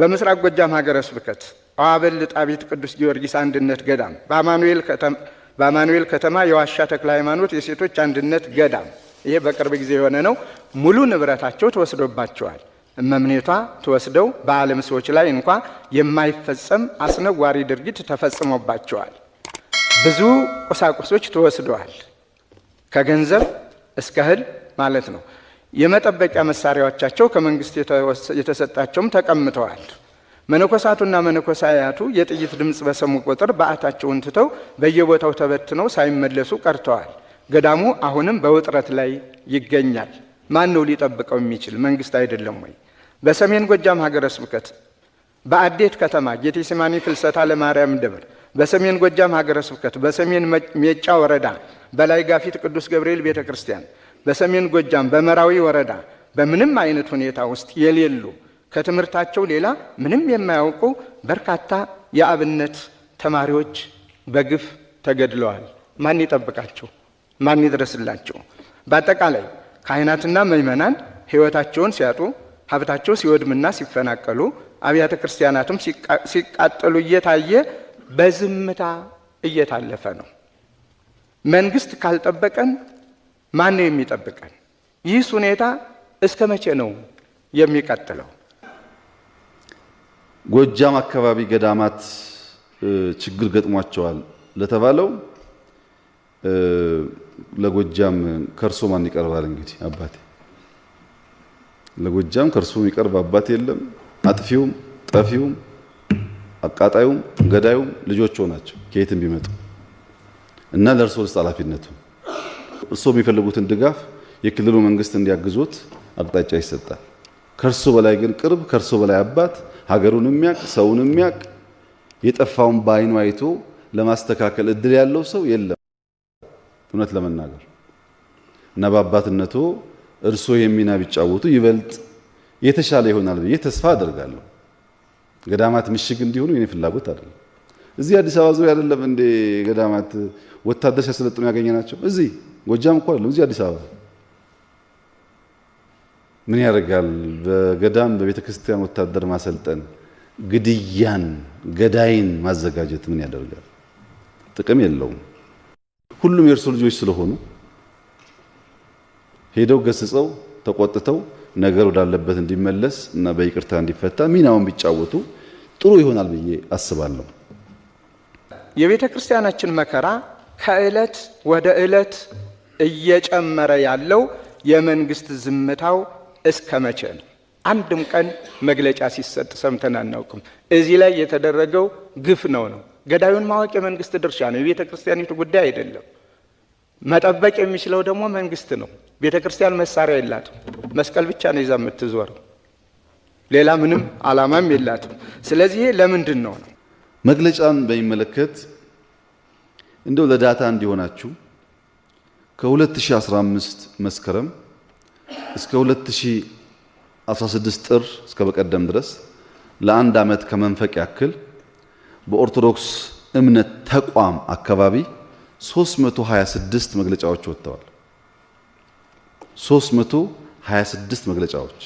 በምስራቅ ጎጃም ሀገረ ስብከት አዋበል ጣቢት ቅዱስ ጊዮርጊስ አንድነት ገዳም፣ በአማኑኤል ከተማ የዋሻ ተክለ ሃይማኖት የሴቶች አንድነት ገዳም፣ ይሄ በቅርብ ጊዜ የሆነ ነው። ሙሉ ንብረታቸው ተወስዶባቸዋል። እመምኔቷ ተወስደው በዓለም ሰዎች ላይ እንኳ የማይፈጸም አስነዋሪ ድርጊት ተፈጽሞባቸዋል። ብዙ ቁሳቁሶች ተወስደዋል፣ ከገንዘብ እስከ እህል ማለት ነው። የመጠበቂያ መሳሪያዎቻቸው ከመንግስት የተሰጣቸውም ተቀምጠዋል። መነኮሳቱና መነኮሳያቱ የጥይት ድምፅ በሰሙ ቁጥር በዓታቸውን ትተው በየቦታው ተበትነው ሳይመለሱ ቀርተዋል። ገዳሙ አሁንም በውጥረት ላይ ይገኛል። ማን ነው ሊጠብቀው የሚችል? መንግስት አይደለም ወይ? በሰሜን ጎጃም ሀገረ ስብከት በአዴት ከተማ ጌቴሴማኒ ፍልሰታ ለማርያም ደብር፣ በሰሜን ጎጃም ሀገረ ስብከት በሰሜን ሜጫ ወረዳ በላይ ጋፊት ቅዱስ ገብርኤል ቤተ ክርስቲያን፣ በሰሜን ጎጃም በመራዊ ወረዳ በምንም አይነት ሁኔታ ውስጥ የሌሉ ከትምህርታቸው ሌላ ምንም የማያውቁ በርካታ የአብነት ተማሪዎች በግፍ ተገድለዋል። ማን ይጠብቃቸው? ማን ይድረስላቸው? በአጠቃላይ ካህናትና ምዕመናን ሕይወታቸውን ሲያጡ ሀብታቸው ሲወድምና ሲፈናቀሉ አብያተ ክርስቲያናትም ሲቃጠሉ እየታየ በዝምታ እየታለፈ ነው። መንግስት ካልጠበቀን ማን ነው የሚጠብቀን? ይህስ ሁኔታ እስከ መቼ ነው የሚቀጥለው? ጎጃም አካባቢ ገዳማት ችግር ገጥሟቸዋል ለተባለው ለጎጃም ከእርሶ ማን ይቀርባል? እንግዲህ አባቴ ለጎጃም ከእርሶ የሚቀርብ አባት የለም። አጥፊውም፣ ጠፊውም፣ አቃጣዩም፣ ገዳዩም ልጆቸው ናቸው ከየትም ቢመጡ እና ለእርሶ ልስጥ ኃላፊነቱ እርስዎ የሚፈልጉትን ድጋፍ የክልሉ መንግስት እንዲያግዙት አቅጣጫ ይሰጣል። ከእርሶ በላይ ግን ቅርብ ከእርሶ በላይ አባት ሀገሩን የሚያቅ ሰውን የሚያቅ የጠፋውን በአይኑ አይቶ ለማስተካከል እድል ያለው ሰው የለም እውነት ለመናገር እና በአባትነቶ እርሶ የሚና ቢጫወቱ ይበልጥ የተሻለ ይሆናል ብዬ ተስፋ አደርጋለሁ። ገዳማት ምሽግ እንዲሆኑ የኔ ፍላጎት አይደለም። እዚህ አዲስ አበባ ዙሪያ አይደለም እንዴ ገዳማት ወታደር ሲያሰለጥኑ ናቸው እዚህ ጎጃም እኮ አይደለም፣ እዚህ አዲስ አበባ ምን ያደርጋል? በገዳም በቤተ ክርስቲያን ወታደር ማሰልጠን፣ ግድያን፣ ገዳይን ማዘጋጀት ምን ያደርጋል? ጥቅም የለውም። ሁሉም የእርሱ ልጆች ስለሆኑ ሄደው ገስጸው ተቆጥተው ነገር ወዳለበት እንዲመለስ እና በይቅርታ እንዲፈታ ሚናውን ቢጫወቱ ጥሩ ይሆናል ብዬ አስባለሁ። የቤተ ክርስቲያናችን መከራ ከእለት ወደ እለት እየጨመረ ያለው የመንግስት ዝምታው እስከ መቼ ነው? አንድም ቀን መግለጫ ሲሰጥ ሰምተን አናውቅም። እዚህ ላይ የተደረገው ግፍ ነው ነው ገዳዩን ማወቅ የመንግስት ድርሻ ነው፣ የቤተ ክርስቲያኒቱ ጉዳይ አይደለም። መጠበቅ የሚችለው ደግሞ መንግስት ነው። ቤተ ክርስቲያን መሳሪያ የላትም። መስቀል ብቻ ነው ይዛ የምትዞረው፣ ሌላ ምንም አላማም የላትም። ስለዚህ ለምንድን ነው ነው መግለጫን በሚመለከት እንደው ለዳታ እንዲሆናችሁ ከ2015 መስከረም እስከ 2016 ጥር እስከ በቀደም ድረስ ለአንድ ዓመት ከመንፈቅ ያክል በኦርቶዶክስ እምነት ተቋም አካባቢ 326 መግለጫዎች ወጥተዋል። 326 መግለጫዎች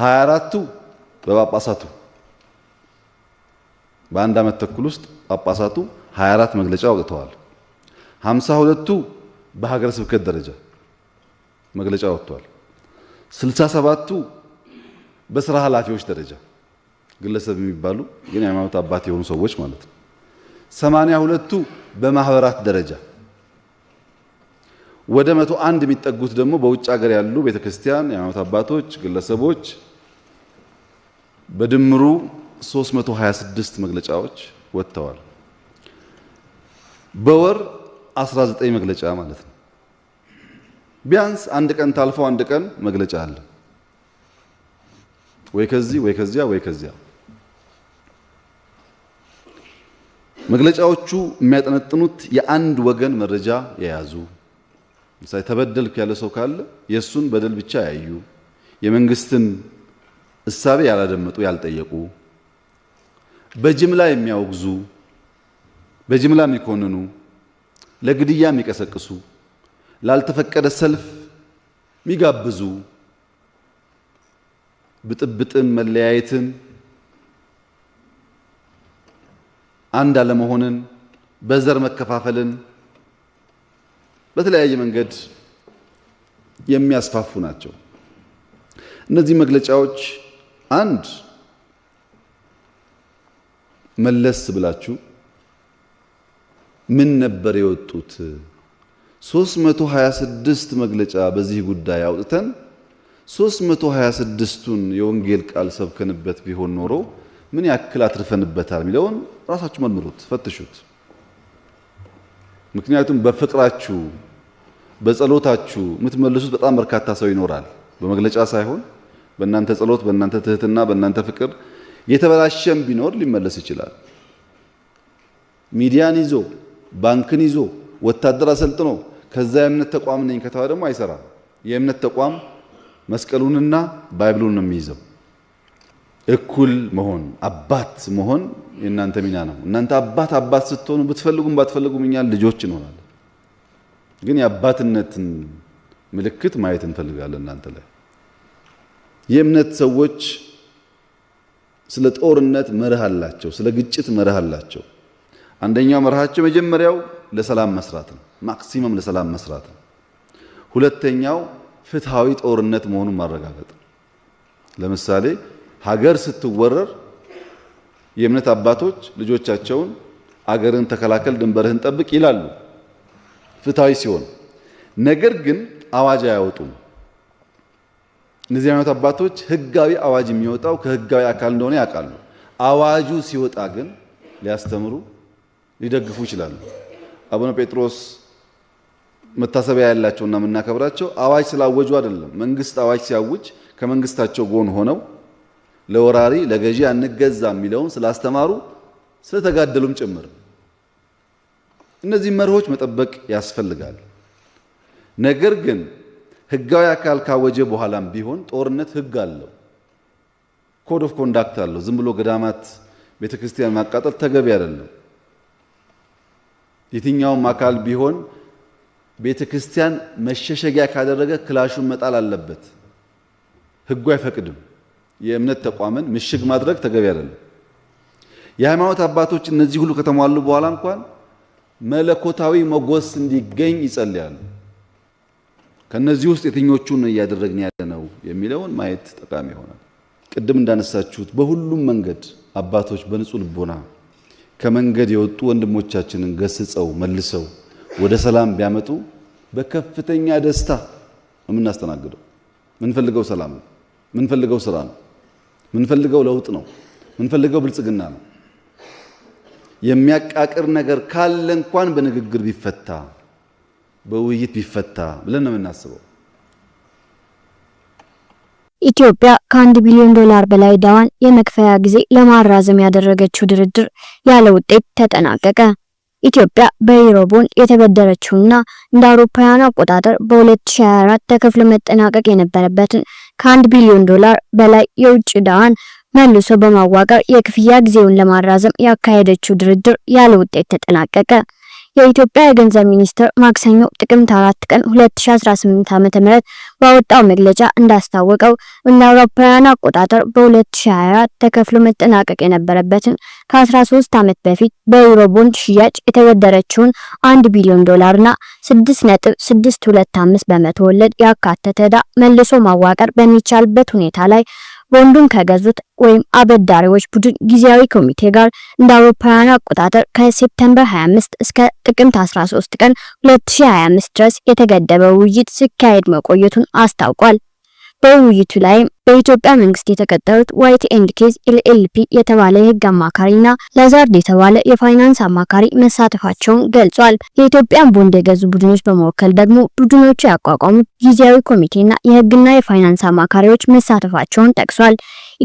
24ቱ በጳጳሳቱ በአንድ ዓመት ተኩል ውስጥ ጳጳሳቱ 24 መግለጫ አውጥተዋል። ሀምሳ ሁለቱ በሀገረ ስብከት ደረጃ መግለጫ ወጥቷል። ስልሳ ሰባቱ በስራ ኃላፊዎች ደረጃ ግለሰብ የሚባሉ ግን የሃይማኖት አባት የሆኑ ሰዎች ማለት ነው። ሰማንያ ሁለቱ በማህበራት ደረጃ ወደ መቶ አንድ የሚጠጉት ደግሞ በውጭ ሀገር ያሉ ቤተክርስቲያን፣ የሃይማኖት አባቶች፣ ግለሰቦች በድምሩ 326 መግለጫዎች ወጥተዋል በወር 19 መግለጫ ማለት ነው። ቢያንስ አንድ ቀን ታልፈው አንድ ቀን መግለጫ አለ ወይ ከዚህ ወይ ከዚያ ወይ ከዚያ። መግለጫዎቹ የሚያጠነጥኑት የአንድ ወገን መረጃ የያዙ ምሳሌ ተበደልክ ያለ ሰው ካለ የእሱን በደል ብቻ ያዩ፣ የመንግስትን እሳቤ ያላደመጡ ያልጠየቁ፣ በጅምላ የሚያወግዙ፣ በጅምላ የሚኮንኑ ለግድያ የሚቀሰቅሱ፣ ላልተፈቀደ ሰልፍ የሚጋብዙ፣ ብጥብጥን፣ መለያየትን፣ አንድ አለመሆንን፣ በዘር መከፋፈልን በተለያየ መንገድ የሚያስፋፉ ናቸው። እነዚህ መግለጫዎች አንድ መለስ ብላችሁ ምን ነበር የወጡት? 326 መግለጫ በዚህ ጉዳይ አውጥተን 326ቱን የወንጌል ቃል ሰብከንበት ቢሆን ኖሮ ምን ያክል አትርፈንበታል የሚለውን ራሳችሁ መርምሩት፣ ፈትሹት። ምክንያቱም በፍቅራችሁ በጸሎታችሁ የምትመልሱት በጣም በርካታ ሰው ይኖራል። በመግለጫ ሳይሆን በእናንተ ጸሎት፣ በእናንተ ትህትና፣ በእናንተ ፍቅር የተበላሸም ቢኖር ሊመለስ ይችላል። ሚዲያን ይዞ ባንክን ይዞ ወታደር አሰልጥኖ ከዛ የእምነት ተቋም ነኝ ከተማ ደግሞ አይሰራም። የእምነት ተቋም መስቀሉንና ባይብሉን ነው የሚይዘው። እኩል መሆን አባት መሆን የእናንተ ሚና ነው። እናንተ አባት አባት ስትሆኑ ብትፈልጉም ባትፈልጉም እኛ ልጆች እንሆናለን። ግን የአባትነትን ምልክት ማየት እንፈልጋለን እናንተ ላይ። የእምነት ሰዎች ስለ ጦርነት መርህ አላቸው፣ ስለ ግጭት መርህ አላቸው። አንደኛው መርሃቸው መጀመሪያው ለሰላም መስራት ነው። ማክሲመም ለሰላም መስራት ነው። ሁለተኛው ፍትሃዊ ጦርነት መሆኑን ማረጋገጥ ነው። ለምሳሌ ሀገር ስትወረር የእምነት አባቶች ልጆቻቸውን አገርን ተከላከል፣ ድንበርህን ጠብቅ ይላሉ ፍትሃዊ ሲሆን። ነገር ግን አዋጅ አያወጡም። እነዚህ አይነት አባቶች ህጋዊ አዋጅ የሚወጣው ከህጋዊ አካል እንደሆነ ያውቃሉ። አዋጁ ሲወጣ ግን ሊያስተምሩ ሊደግፉ ይችላሉ። አቡነ ጴጥሮስ መታሰቢያ ያላቸውና የምናከብራቸው አዋጅ ስላወጁ አይደለም። መንግስት አዋጅ ሲያውጅ ከመንግስታቸው ጎን ሆነው ለወራሪ ለገዢ አንገዛ የሚለውን ስላስተማሩ ስለተጋደሉም ጭምር እነዚህ መርሆች መጠበቅ ያስፈልጋል። ነገር ግን ህጋዊ አካል ካወጀ በኋላም ቢሆን ጦርነት ህግ አለው፣ ኮድ ኦፍ ኮንዳክት አለው። ዝም ብሎ ገዳማት ቤተክርስቲያን ማቃጠል ተገቢ አይደለም። የትኛውም አካል ቢሆን ቤተ ክርስቲያን መሸሸጊያ ካደረገ ክላሹን መጣል አለበት። ህጉ አይፈቅድም። የእምነት ተቋምን ምሽግ ማድረግ ተገቢ አይደለም። የሃይማኖት አባቶች እነዚህ ሁሉ ከተሟሉ በኋላ እንኳን መለኮታዊ መጎስ እንዲገኝ ይጸልያሉ። ከነዚህ ውስጥ የትኞቹን እያደረግን ያለ ነው የሚለውን ማየት ጠቃሚ ይሆናል። ቅድም እንዳነሳችሁት በሁሉም መንገድ አባቶች በንጹህ ልቦና ከመንገድ የወጡ ወንድሞቻችንን ገስጸው መልሰው ወደ ሰላም ቢያመጡ በከፍተኛ ደስታ የምናስተናግደው። ምንፈልገው ሰላም ነው። ምንፈልገው ስራ ነው። ምንፈልገው ለውጥ ነው። ምንፈልገው ብልጽግና ነው። የሚያቃቅር ነገር ካለ እንኳን በንግግር ቢፈታ በውይይት ቢፈታ ብለን ነው የምናስበው። ኢትዮጵያ ከአንድ ቢሊዮን ዶላር በላይ ዳዋን የመክፈያ ጊዜ ለማራዘም ያደረገችው ድርድር ያለ ውጤት ተጠናቀቀ። ኢትዮጵያ በዩሮ የተበደረችውና እንደ አውሮፓውያኑ አቆጣጠር በ2024 ተከፍሎ መጠናቀቅ የነበረበትን ከአንድ ቢሊዮን ዶላር በላይ የውጭ ዳዋን መልሶ በማዋቀር የክፍያ ጊዜውን ለማራዘም ያካሄደችው ድርድር ያለ ውጤት ተጠናቀቀ። የኢትዮጵያ የገንዘብ ሚኒስቴር ማክሰኞ ጥቅምት 4 ቀን 2018 ዓ.ም ባወጣው መግለጫ እንዳስታወቀው እንደ አውሮፓውያን አቆጣጠር በ2024 ተከፍሎ መጠናቀቅ የነበረበትን ከ13 ዓመት በፊት በዩሮ ቦንድ ሽያጭ የተበደረችውን 1 ቢሊዮን ዶላርና 6.625 በመቶ ወለድ ያካተተ ዕዳ መልሶ ማዋቀር በሚቻልበት ሁኔታ ላይ ቦንዱን ከገዙት ወይም አበዳሪዎች ቡድን ጊዜያዊ ኮሚቴ ጋር እንደ አውሮፓውያኑ አቆጣጠር ከሴፕተምበር 25 እስከ ጥቅምት 13 ቀን 2025 ድረስ የተገደበ ውይይት ሲካሄድ መቆየቱን አስታውቋል። በውይይቱ ላይ በኢትዮጵያ መንግስት የተቀጠሩት ዋይት ኤንድ ኬዝ ኤልኤልፒ የተባለ የህግ አማካሪና ላዛርድ የተባለ የፋይናንስ አማካሪ መሳተፋቸውን ገልጿል። የኢትዮጵያን ቦንድ የገዙ ቡድኖች በመወከል ደግሞ ቡድኖቹ ያቋቋሙት ጊዜያዊ ኮሚቴና የህግና የፋይናንስ አማካሪዎች መሳተፋቸውን ጠቅሷል።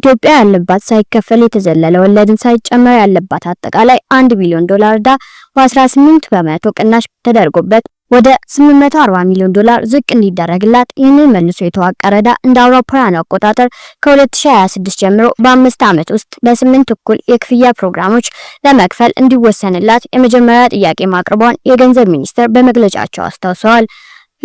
ኢትዮጵያ ያለባት ሳይከፈል የተዘለለ ወለድን ሳይጨመር ያለባት አጠቃላይ አንድ ቢሊዮን ዶላር ዳ በ18 በመቶ ቅናሽ ተደርጎበት ወደ 840 ሚሊዮን ዶላር ዝቅ እንዲደረግላት ይህንን መልሶ የተዋቀረ ዕዳ እንደ አውሮፓውያን አቆጣጠር ከ2026 ጀምሮ በአምስት ዓመት ውስጥ በስምንት እኩል የክፍያ ፕሮግራሞች ለመክፈል እንዲወሰንላት የመጀመሪያ ጥያቄ ማቅረቧን የገንዘብ ሚኒስቴር በመግለጫቸው አስታውሰዋል።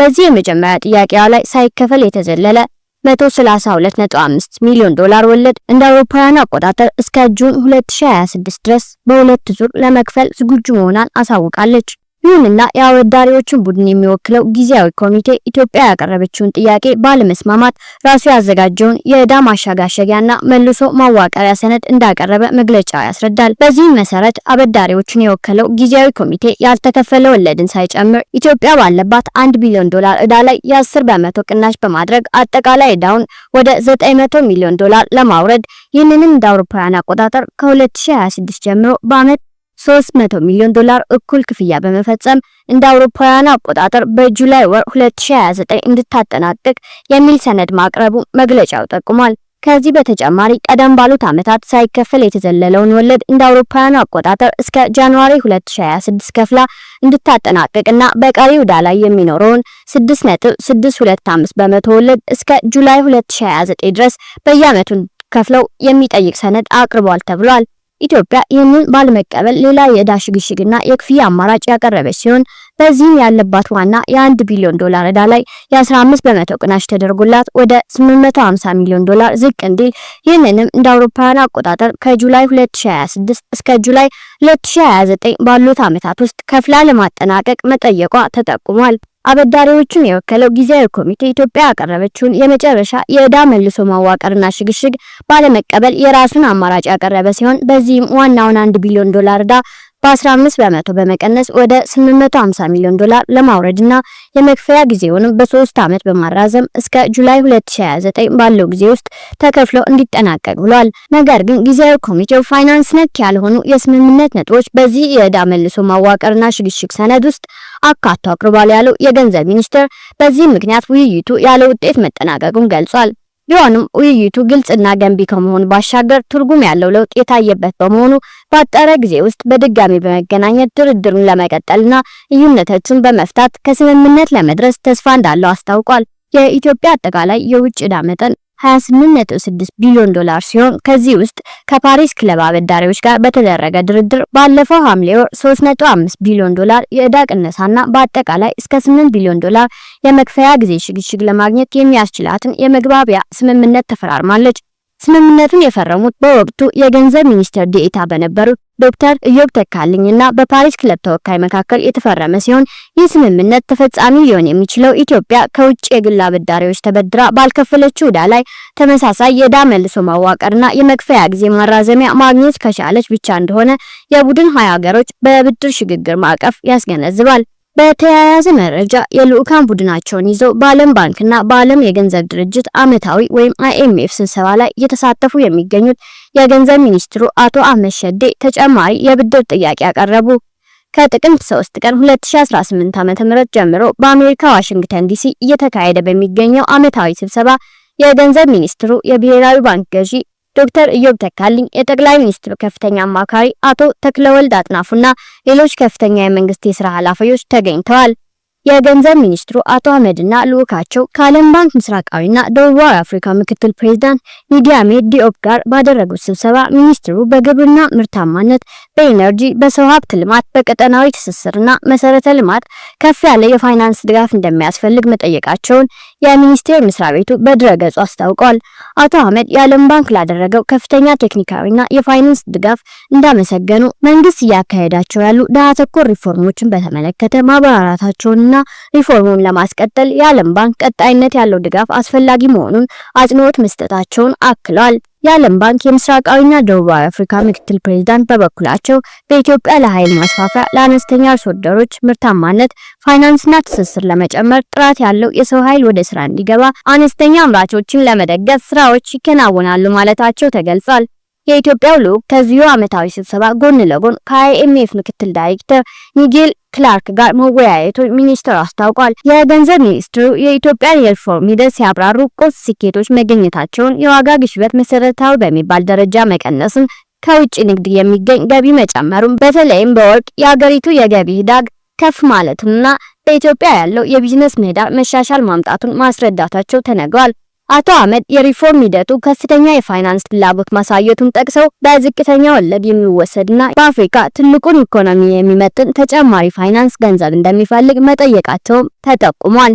በዚህ የመጀመሪያ ጥያቄዋ ላይ ሳይከፈል የተዘለለ 132.5 ሚሊዮን ዶላር ወለድ እንደ አውሮፓውያን አቆጣጠር እስከ ጁን 2026 ድረስ በሁለት ዙር ለመክፈል ዝግጁ መሆኗን አሳውቃለች። ይሁንና የአበዳሪዎቹን ቡድን የሚወክለው ጊዜያዊ ኮሚቴ ኢትዮጵያ ያቀረበችውን ጥያቄ ባለመስማማት ራሱ ያዘጋጀውን የዕዳ ማሸጋሸጊያና መልሶ ማዋቀሪያ ሰነድ እንዳቀረበ መግለጫ ያስረዳል። በዚህም መሰረት አበዳሪዎቹን የወከለው ጊዜያዊ ኮሚቴ ያልተከፈለ ወለድን ሳይጨምር ኢትዮጵያ ባለባት አንድ ቢሊዮን ዶላር ዕዳ ላይ የ10 በመቶ ቅናሽ በማድረግ አጠቃላይ ዕዳውን ወደ 900 ሚሊዮን ዶላር ለማውረድ ይህንንም እንደ አውሮፓውያን አቆጣጠር ከ2026 ጀምሮ በአመት 300 ሚሊዮን ዶላር እኩል ክፍያ በመፈጸም እንደ አውሮፓውያን አቆጣጠር በጁላይ ወር 2029 እንድታጠናቅቅ የሚል ሰነድ ማቅረቡ መግለጫው ጠቁሟል። ከዚህ በተጨማሪ ቀደም ባሉት ዓመታት ሳይከፈል የተዘለለውን ወለድ እንደ አውሮፓውያን አቆጣጠር እስከ ጃንዋሪ 2026 ከፍላ እንድታጠናቅቅና በቀሪው ዕዳ ላይ የሚኖረውን 6.625 በመቶ ወለድ እስከ ጁላይ 2029 ድረስ በየዓመቱን ከፍለው የሚጠይቅ ሰነድ አቅርቧል ተብሏል። ኢትዮጵያ ይህንን ባለመቀበል ሌላ የዕዳ ሽግሽግና የክፍያ አማራጭ ያቀረበች ሲሆን በዚህም ያለባት ዋና የአንድ ቢሊዮን ዶላር ዕዳ ላይ የ15 በመቶ ቅናሽ ተደርጎላት ወደ 850 ሚሊዮን ዶላር ዝቅ እንዲል ይህንንም እንደ አውሮፓውያን አቆጣጠር ከጁላይ 2026 እስከ ጁላይ 2029 ባሉት ዓመታት ውስጥ ከፍላ ለማጠናቀቅ መጠየቋ ተጠቁሟል። አበዳሪዎቹን የወከለው ጊዜያዊ ኮሚቴ ኢትዮጵያ ያቀረበችውን የመጨረሻ የዕዳ መልሶ ማዋቀርና ሽግሽግ ባለመቀበል የራሱን አማራጭ ያቀረበ ሲሆን በዚህም ዋናውን አንድ ቢሊዮን ዶላር ዕዳ በ15 በመቶ በመቀነስ ወደ 850 ሚሊዮን ዶላር ለማውረድና የመክፈያ ጊዜውንም በሶስት ዓመት በማራዘም እስከ ጁላይ 2029 ባለው ጊዜ ውስጥ ተከፍሎ እንዲጠናቀቅ ብሏል። ነገር ግን ጊዜያዊ ኮሚቴው ፋይናንስ ነክ ያልሆኑ የስምምነት ነጥቦች በዚህ የዕዳ መልሶ ማዋቀርና ሽግሽግ ሰነድ ውስጥ አካቶ አቅርቧል ያለው የገንዘብ ሚኒስቴር በዚህ ምክንያት ውይይቱ ያለ ውጤት መጠናቀቁን ገልጿል። ቢሆንም ውይይቱ ግልጽና ገንቢ ከመሆኑ ባሻገር ትርጉም ያለው ለውጥ የታየበት በመሆኑ ባጠረ ጊዜ ውስጥ በድጋሚ በመገናኘት ድርድሩን ለመቀጠልና ልዩነቶቹን በመፍታት ከስምምነት ለመድረስ ተስፋ እንዳለው አስታውቋል። የኢትዮጵያ አጠቃላይ የውጭ ዕዳ መጠን 28.6 ቢሊዮን ዶላር ሲሆን ከዚህ ውስጥ ከፓሪስ ክለብ አበዳሪዎች ጋር በተደረገ ድርድር ባለፈው ሐምሌ ወር 3.5 ቢሊዮን ዶላር የዕዳ ቅነሳና በአጠቃላይ እስከ 8 ቢሊዮን ዶላር የመክፈያ ጊዜ ሽግሽግ ለማግኘት የሚያስችላትን የመግባቢያ ስምምነት ተፈራርማለች። ስምምነቱን የፈረሙት በወቅቱ የገንዘብ ሚኒስትር ዴኤታ በነበሩት ዶክተር ኢዮብ ተካልኝ እና በፓሪስ ክለብ ተወካይ መካከል የተፈረመ ሲሆን ይህ ስምምነት ተፈጻሚ ሊሆን የሚችለው ኢትዮጵያ ከውጭ የግል አበዳሪዎች ተበድራ ባልከፈለችው ዕዳ ላይ ተመሳሳይ የዕዳ መልሶ ማዋቀርና የመክፈያ ጊዜ ማራዘሚያ ማግኘት ከቻለች ብቻ እንደሆነ የቡድን ሀያ ሀገሮች በብድር ሽግግር ማዕቀፍ ያስገነዝባል። በተያያዘ መረጃ የልዑካን ቡድናቸውን ይዘው በዓለም ባንክና በዓለም የገንዘብ ድርጅት ዓመታዊ ወይም አይኤምኤፍ ስብሰባ ላይ እየተሳተፉ የሚገኙት የገንዘብ ሚኒስትሩ አቶ አህመድ ሸዴ ተጨማሪ የብድር ጥያቄ አቀረቡ። ከጥቅምት 3 ቀን 2018 ዓ.ም ጀምሮ በአሜሪካ ዋሽንግተን ዲሲ እየተካሄደ በሚገኘው ዓመታዊ ስብሰባ የገንዘብ ሚኒስትሩ፣ የብሔራዊ ባንክ ገዢ፣ ዶክተር ኢዮብ ተካልኝ፣ የጠቅላይ ሚኒስትር ከፍተኛ አማካሪ አቶ ተክለወልድ አጥናፉና ሌሎች ከፍተኛ የመንግስት የስራ ኃላፊዎች ተገኝተዋል። የገንዘብ ሚኒስትሩ አቶ አህመድና ልዑካቸው ከዓለም ባንክ ምስራቃዊና ደቡባዊ አፍሪካ ምክትል ፕሬዚዳንት ኒዲያሜ ዲኦፕ ጋር ባደረጉት ስብሰባ ሚኒስትሩ በግብርና ምርታማነት፣ በኢነርጂ፣ በሰው ሀብት ልማት፣ በቀጠናዊ ትስስርና መሰረተ ልማት ከፍ ያለ የፋይናንስ ድጋፍ እንደሚያስፈልግ መጠየቃቸውን የሚኒስቴር መስሪያ ቤቱ በድረገጹ አስታውቋል። አቶ አህመድ የዓለም ባንክ ላደረገው ከፍተኛ ቴክኒካዊና የፋይናንስ ድጋፍ እንዳመሰገኑ መንግስት እያካሄዳቸው ያሉ ድሃ ተኮር ሪፎርሞችን በተመለከተ ማብራራታቸውንና ሪፎርሙን ለማስቀጠል የዓለም ባንክ ቀጣይነት ያለው ድጋፍ አስፈላጊ መሆኑን አጽንኦት መስጠታቸውን አክሏል። የዓለም ባንክ የምስራቃዊና ደቡባዊ አፍሪካ ምክትል ፕሬዚዳንት በበኩላቸው በኢትዮጵያ ለኃይል ማስፋፊያ፣ ለአነስተኛ አርሶ አደሮች ምርታማነት፣ ፋይናንስና ትስስር ለመጨመር ጥራት ያለው የሰው ኃይል ወደ ስራ እንዲገባ፣ አነስተኛ አምራቾችን ለመደገፍ ስራዎች ይከናወናሉ ማለታቸው ተገልጿል። የኢትዮጵያው ልዑክ ከዚሁ ዓመታዊ ስብሰባ ጎን ለጎን ከአይኤምኤፍ ምክትል ዳይሬክተር ኒጌል ክላርክ ጋር መወያየቱ ሚኒስትሩ አስታውቋል። የገንዘብ ሚኒስትሩ የኢትዮጵያን የሪፎርም ሂደት ሲያብራሩ ቁልፍ ስኬቶች መገኘታቸውን፣ የዋጋ ግሽበት መሰረታዊ በሚባል ደረጃ መቀነስን፣ ከውጭ ንግድ የሚገኝ ገቢ መጨመሩን፣ በተለይም በወርቅ የአገሪቱ የገቢ ዳግ ከፍ ማለቱንና በኢትዮጵያ ያለው የቢዝነስ ምህዳር መሻሻል ማምጣቱን ማስረዳታቸው ተነግሯል። አቶ አህመድ የሪፎርም ሂደቱ ከፍተኛ የፋይናንስ ፍላጎት ማሳየቱን ጠቅሰው በዝቅተኛ ወለድ የሚወሰድና በአፍሪካ ትልቁን ኢኮኖሚ የሚመጥን ተጨማሪ ፋይናንስ ገንዘብ እንደሚፈልግ መጠየቃቸውም ተጠቁሟል።